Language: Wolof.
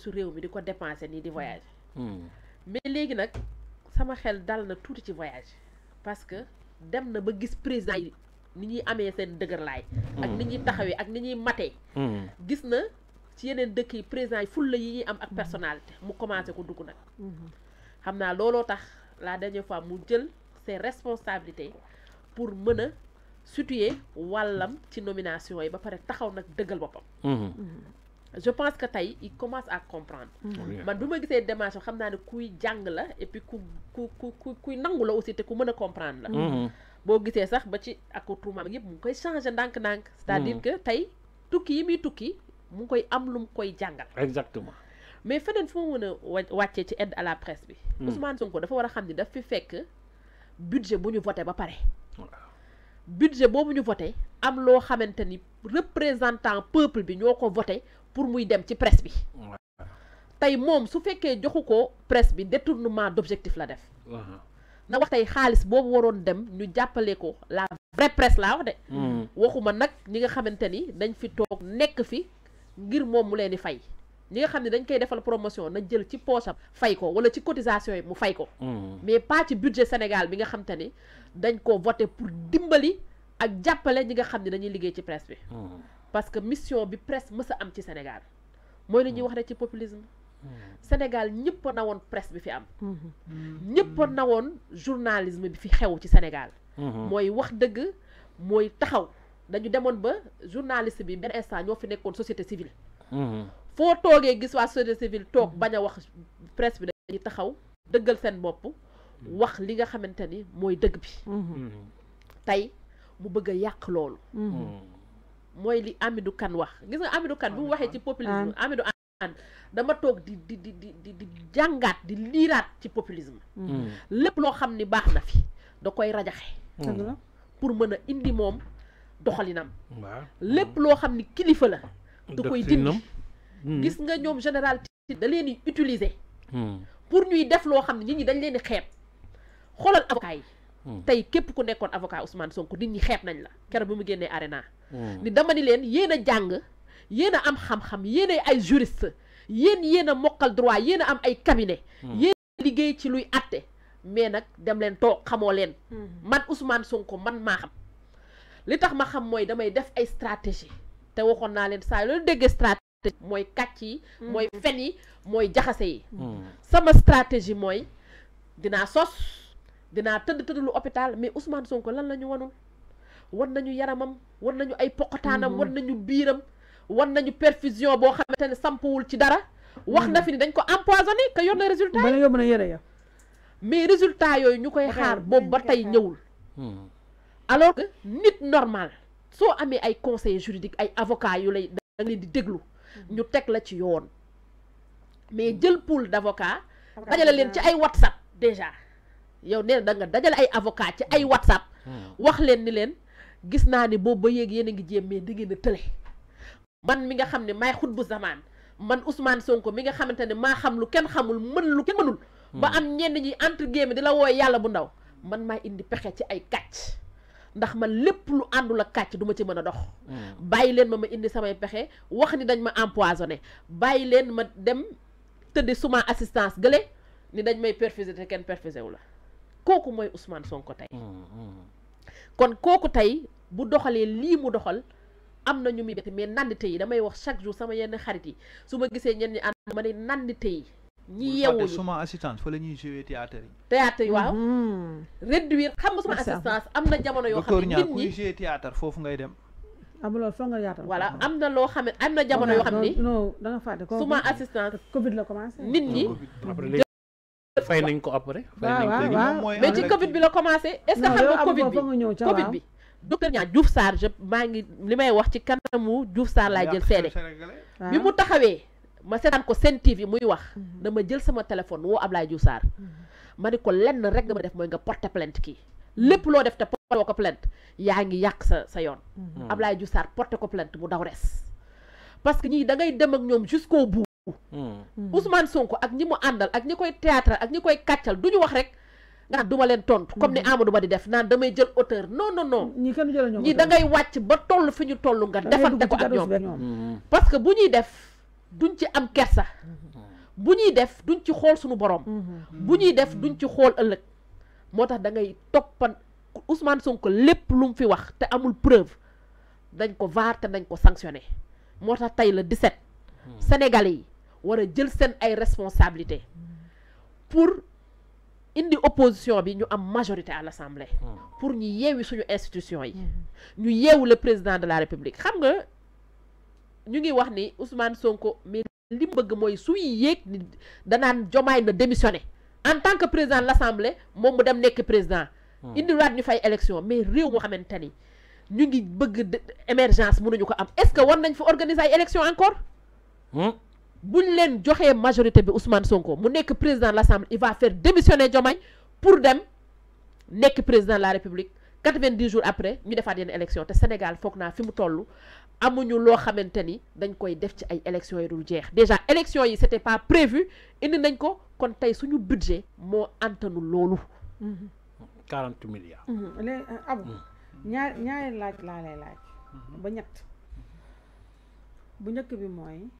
su réew mi di ko dépenser nii di hmm. voyage hmm. mais léegi nag sama xel dal na tuuti ci voyage parce que dem na ba gis président yi ni ñuy amee seen dëgërlaay ak ni hmm. ñuy taxawee ak ni ñuy mate gis na ci yeneen dëkk yi président yi fulla yi ñuy am ak personnalité mu commencé ko dugg nag xam naa looloo tax la dernière fois mu jël see responsabilité pour mën a situer wàllam ci nomination yi ba pare taxaw nag dëggal boppam je pense que tey il commence à comprendre mm. man bi ma gisee démarche xam naa ne kuy jàng la et puis ku ku ku kuy nangu la aussi te ku mën a comprendre la mm. mm-hmm. boo gisee sax ba ci accoutrement yëpp mu ngi koy changer ndànk-ndànk mm. que tey tukki yi muy tukki mu ngi koy am lu mu koy jàngal exactement mais feneen fu ma mën a wàccee ci aide à la presse bi Ousmane Sonko dafa war a xam ni daf fi fekk budget bu ñu votee ba pare budget boobu ñu voté am loo xamante ni représentant peuple bi ñoo ko voté pour muy dem ci presse bi tey moom su fekkee joxu ko presse bi détournement d'objectif la def uh-huh. na wax tey xaalis boobu waroon dem ñu jàppale ko la vraie presse laa wax de hmm. waxuma nag ñi nga xamante ni dañ fi toog nekk fi ngir moom mu leen di fay ñi nga xam ne dañ koy defal promotion na jël ci poosam fay ko wala ci cotisation yi mu fay ko hmm. mais pas ci budget Sénégal bi nga xam ni dañ ko voté pour dimbali ak jàppale ñi nga xam ne dañuy liggéey ci presse bi hmm. parce que mission bi presse mës a am ci Sénégal mooy li ñuy wax rek ci populisme hmm. Sénégal ñëpp a nawoon presse bi fi am hmm. Hmm. ñëpp na woon journalisme bi fi xew ci Sénégal mooy wax dëgg mooy taxaw dañu demoon ba journaliste bi benn instant ñoo fi nekkoon société civile foo toogee gis waa société civile toog bañ a wax presse bi dañuy taxaw dëggal seen bopp wax li nga xamante ni mooy dëgg bi tey mu bëgg a yàq loolu mooy li Amidou kan wax gis nga Amidou Kane bu mu waxee ci populisme ah. Amidou Kane dama toog di di di jàngaat di liiraat ci populisme mm. Mm. lépp loo xam ni baax na fi da koy rajaxe mm. pour mën a indi moom doxalinam lépp loo xam ni kilifa la da koy dindi gis nga ñoom général ti da leen di utiliser pour ñuy def loo xam ne nit ñi dañ leen di xeeb xoolal avocat yi tey képp ku nekkoon avocat Ousmane sonk nit ñi xeeb nañ la keroog bi mu génnee arena Hmm. ni dama ni leen yéen a jàng yéen a am xam-xam yéen ay juriste yéen yéen a mokkal droit yéen a am ay cabinet hmm. yéen liggéey ci luy atte mais nag dem leen toog xamoo leen hmm. man Ousmane Sonko man maa xam li tax ma xam mooy damay def ay stratégie te waxoon naa leen saa loolu déggee stratégie mooy kàcc yi mooy fen yi mooy jaxase yi sama stratégie mooy dinaa sos dinaa tëdd tëdd lu hôpital mais Ousmane Sonko lan la ñu wanul wan nañu yaramam war nañu ay poqataanam mm-hmm. wan nañu biiram war nañu perfusion boo xamante ne sampuwul ci dara wax na mm-hmm. fi ni dañ ko empoisonné que yor na résultat a yore ya mais résultat yooyu ñu koy xaar boobu ba tey ñëwul mm-hmm. alors que nit normal soo amee ay conseil juridique ay avocat yu lay dañ leen di déglu ñu teg la ci yoon mais jël pool d' avocat dajale leen ci ay whatsapp déjà yow nee danga da dajale ay avocat ci ay whatsapp wax leen ni leen gis naa ni boobu ba yéeg yéen a ngi jéem mais da ngeen tële man mi nga xam ne maay xut bu zamaan man Ousmane Sonko mi nga xamante ne maa xam lu kenn xamul mën lu kenn mënul ba hmm. am ñenn ñi entre guillemets di la wooy yàlla bu ndaw man maay indi pexe ci ay kàcc ndax man lépp lu àndul a kàcc duma ci mën a dox hmm. bàyyi leen ma ma indi samay pexe wax ni dañ ma empoisonné bàyyi leen ma dem tëddi suma assistance gële ni dañ may perfusé te kenn perfusé wu la kooku mooy Ousmane Sonko tey hmm, kon kooku tey bu doxalee lii mu doxal am na ñu muy bett mais nandite yi damay wax chaque jour sama yenn xarit yi su ma gisee ñenn ñi ànd ma ne nandite yi ñi yeewuñu suma assistance fa la ñuy jouer théâtre yi théâtre yi waaw mm-hmm. réduire xam nga suma assistance am na jamono yoo xam foofu ngay dem amuloo foog nga yaatal voilà am na loo xam ne am na jamono yoo xam ni non da nga fàtte suma assistance covid la commencé nit ñi fay nañ ko après. waaw waaw waaw mais ci Covid bi la commencé. est xam nga Covid bi Covid bi. docteur Niang Diouf maa ngi li may wax ci kanamu Diouf Sarr laa jël seede. bi mu taxawee ma seetaan ko seen TV muy wax. Mhm. dama jël sama téléphone woo Ablaye Diouf saar mhm. ma ne ko lenn rek nga ma def mooy nga porte plainte kii. Mhm. lépp loo def te porté ko plainte yaa ngi yàq sa sa yoon. Ablaye Diouf Sarr porté ko plainte mu daw res. parce que ñii da dem ak ñoom jusqu'au bout. beaucoup. Hmm. Hmm. Ousmane Sonko ak ñi mu àndal ak ñi koy théâtre ak ñi koy kàccal du ñu wax rek. nga duma leen tontu comme ni hmm. Amadou Ba di def naan damay jël auteur non non non. ñi kenn jël ñi da ngay wàcc ba toll fi ñu tollu nga. defante ko ak ñoom parce que bu ñuy def duñ ci am kersa. bu ñuy def duñ ci xool suñu borom. bu ñuy def duñ ci xool ëllëg. moo tax da ngay toppan Ousmane Sonko lépp lu mu fi wax te amul preuve dañ ko vaar te dañ ko sanctionné moo tax tey la 17. Sénégalais yi wara a jël sen ay responsabilité pour indi opposition bi ñu am majorité à l'Assemblée hmm. pour ñu yeewi suñu institution yi ñu le président de la République xam nga ñu ngi wax ni Ousmane Sonko mais lim bëgg moy suy de démissionner en tant que président de l'Assemblée moom mu dem nek président hmm. indiwaat ñu fay élection mais rien ne xamante ñu ngi bëgg émergence mënuñu ko am est-ce que faut nañ organiser élection encore hmm. Si vous avez la majorité de Ousmane Sonko mu êtes président de l'Assemblée il va faire démissionner Diomaye pour dem le président de la République 90 jours après ñu fait une élection au Sénégal foog qu'on fi mu élection. amuñu loo xamante dañ koy def ci ay déjà élection yi c'était pas prévu indi nañ ko kon tey suñu budget moo antanu loolu. 40 milliards. Mhm. Euh, ah mhm. ñaar ñaari laaj la lay laaj. Mhm. ba ñett bu bi